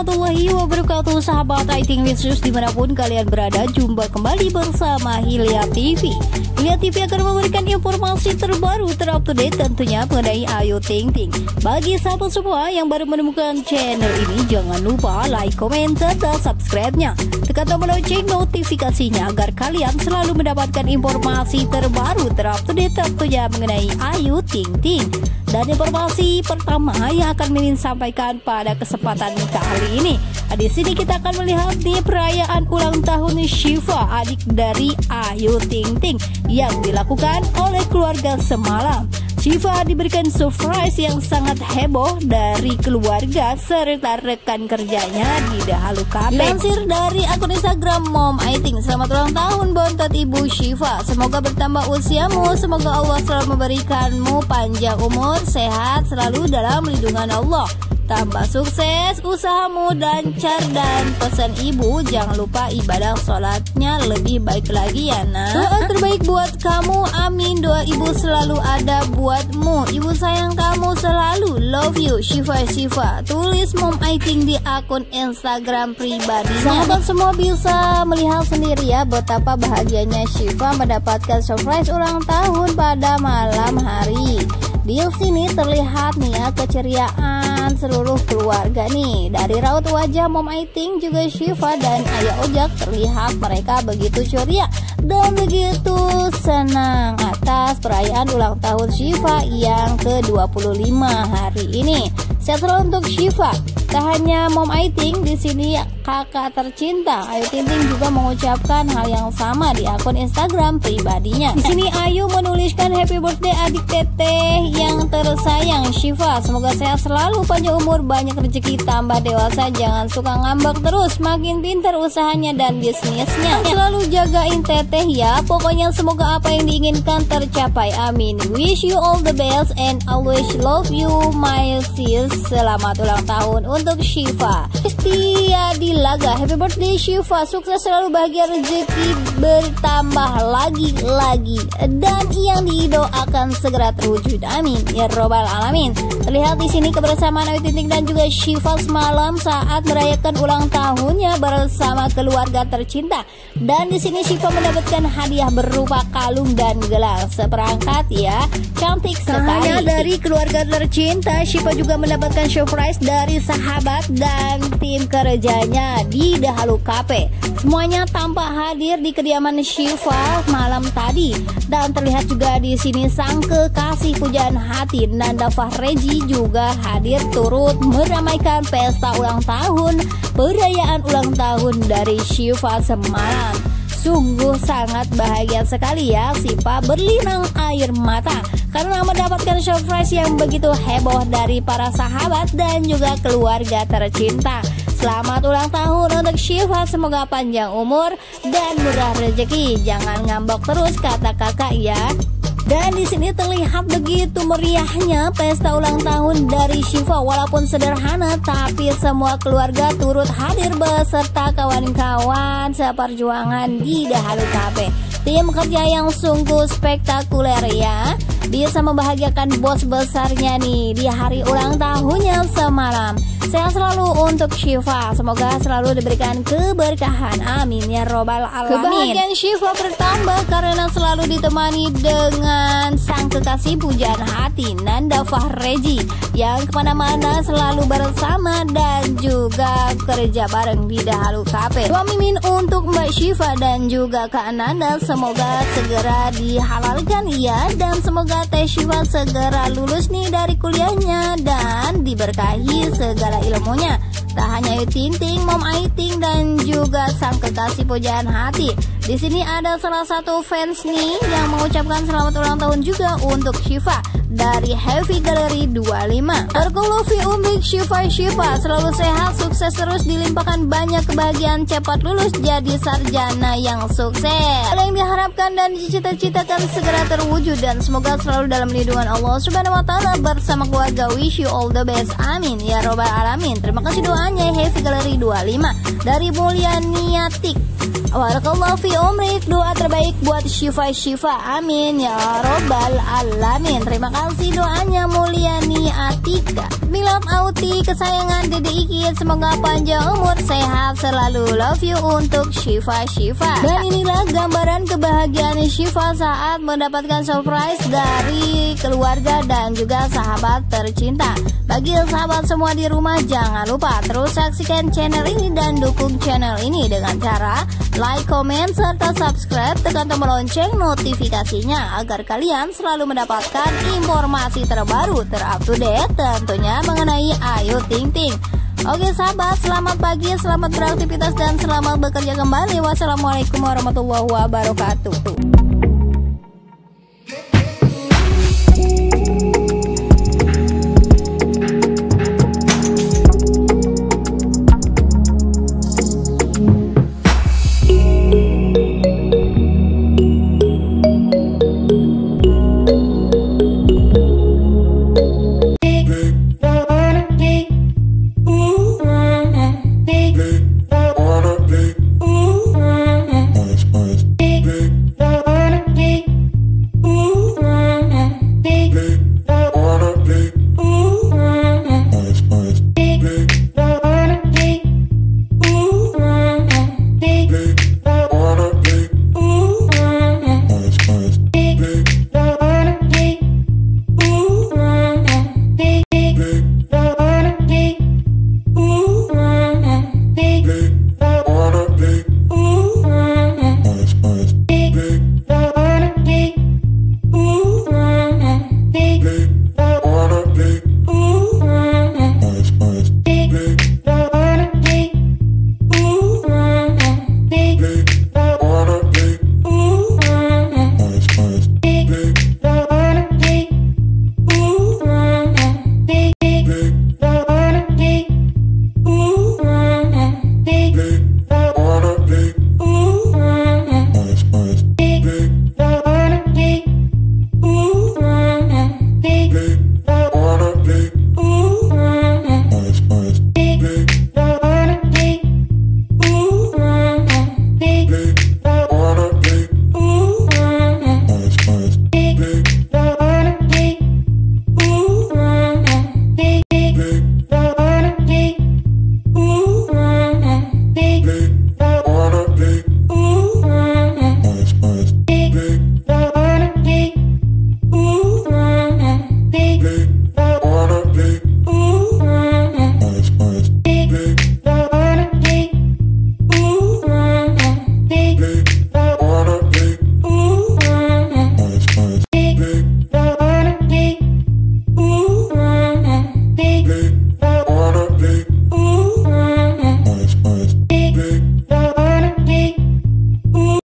warahmatullahi wabarakatuh sahabat Lighting with Sus dimanapun kalian berada jumpa kembali bersama Hilya TV Hilya TV akan memberikan informasi terbaru terupdate tentunya mengenai Ayu Ting Ting bagi sahabat semua yang baru menemukan channel ini jangan lupa like, comment, dan subscribe-nya tekan tombol lonceng notifikasinya agar kalian selalu mendapatkan informasi terbaru terupdate tentunya mengenai Ayu Ting Ting dan informasi pertama yang akan Mimin sampaikan pada kesempatan kali ini Di sini kita akan melihat di perayaan ulang tahun Shiva adik dari Ayu Ting Ting Yang dilakukan oleh keluarga semalam Shiva diberikan surprise yang sangat heboh dari keluarga serta rekan kerjanya di Dahalu Kapek. Dilansir dari akun Instagram Mom Aiting, selamat ulang tahun bontot ibu Shiva. Semoga bertambah usiamu, semoga Allah selalu memberikanmu panjang umur, sehat selalu dalam lindungan Allah. Tambah sukses usahamu dan cerdas Pesan ibu jangan lupa ibadah sholatnya lebih baik lagi ya nak Doa terbaik buat kamu amin Doa ibu selalu ada buatmu Ibu sayang kamu selalu love you Shiva Shiva Tulis mom Aiting di akun Instagram pribadi Sahabat semua bisa melihat sendiri ya Betapa bahagianya Shiva mendapatkan surprise ulang tahun pada malam hari di sini terlihat nih ya keceriaan seluruh keluarga nih Dari raut wajah Mom Aiting juga Shiva dan Ayah Ojak terlihat mereka begitu ceria Dan begitu senang atas perayaan ulang tahun Shiva yang ke-25 hari ini Setelah untuk Shiva Tak hanya Mom Aiting di sini kakak tercinta. Ayu Ting Ting juga mengucapkan hal yang sama di akun Instagram pribadinya. Di sini Ayu menuliskan happy birthday adik teteh yang tersayang Syifa. Semoga sehat selalu, panjang umur, banyak rezeki, tambah dewasa, jangan suka ngambek terus, makin pintar usahanya dan bisnisnya. Selalu jagain teteh ya, pokoknya semoga apa yang diinginkan tercapai. Amin. Wish you all the best and always love you my sis. Selamat ulang tahun untuk Syifa. Setia di laga Happy birthday Shiva Sukses selalu bahagia rezeki bertambah lagi-lagi Dan yang didoakan segera terwujud Amin Ya robbal Alamin Terlihat di sini kebersamaan Ayu Ting dan juga Shiva semalam saat merayakan ulang tahunnya bersama keluarga tercinta dan di sini Shiva mendapatkan hadiah berupa kalung dan gelang seperangkat ya. Cantik sekali. Hanya dari keluarga tercinta, Shiva juga mendapatkan surprise dari sahabat dan tim kerjanya di Dahalu Cafe. Semuanya tampak hadir di kediaman Shiva malam tadi dan terlihat juga di sini sang kekasih pujaan hati Nanda Fahreji juga hadir turut meramaikan pesta ulang tahun perayaan ulang tahun dari Shiva Semarang. Sungguh sangat bahagia sekali ya Sipa berlinang air mata karena mendapatkan surprise yang begitu heboh dari para sahabat dan juga keluarga tercinta. Selamat ulang tahun untuk Syifa, semoga panjang umur dan murah rezeki. Jangan ngambok terus kata kakak ya. Dan di sini terlihat begitu meriahnya pesta ulang tahun dari Shiva walaupun sederhana tapi semua keluarga turut hadir beserta kawan-kawan seperjuangan di Dahalu Cafe. Tim kerja yang sungguh spektakuler ya bisa membahagiakan bos besarnya nih di hari ulang tahunnya semalam. Sehat selalu untuk Syifa. Semoga selalu diberikan keberkahan. Amin ya robbal alamin. Kebahagiaan Syifa bertambah karena selalu ditemani dengan sang kekasih pujaan hati Nanda Fahreji yang kemana-mana selalu bersama dan juga kerja bareng di Dahalu Kape Dua mimin untuk Mbak Syifa dan juga Kak Nanda semoga segera dihalalkan ya dan semoga Teh Syifa segera lulus nih dari kuliahnya dan diberkahi segala ilmunya Tak hanya Ayu Ting Ting, Mom Aiting dan juga sang kekasih pujaan hati di sini ada salah satu fans nih yang mengucapkan selamat ulang tahun juga untuk Shiva dari Heavy Gallery 25. Argo Luffy Umik Shiva Shiva selalu sehat, sukses terus dilimpahkan banyak kebahagiaan, cepat lulus jadi sarjana yang sukses. Hal yang diharapkan dan dicita-citakan segera terwujud dan semoga selalu dalam lindungan Allah Subhanahu wa taala bersama keluarga. Wish you all the best. Amin ya robbal alamin. Terima kasih doanya Heavy Gallery 25 dari Mulyaniatik. Warakallahu fi umrik Doa terbaik buat Syifa Syifa Amin Ya Robbal Alamin Terima kasih doanya Mulyani Atika Milam Auti Kesayangan Dede Ikit Semoga panjang umur Sehat selalu Love you untuk Syifa Syifa Dan inilah gambaran kebahagiaan Syifa Saat mendapatkan surprise dari keluarga dan juga sahabat tercinta Bagi sahabat semua di rumah Jangan lupa terus saksikan channel ini dan dukung channel ini dengan cara like, comment, serta subscribe tekan tombol lonceng notifikasinya agar kalian selalu mendapatkan informasi terbaru terupdate tentunya mengenai Ayu Ting Ting. Oke sahabat, selamat pagi, selamat beraktivitas dan selamat bekerja kembali. Wassalamualaikum warahmatullahi wabarakatuh.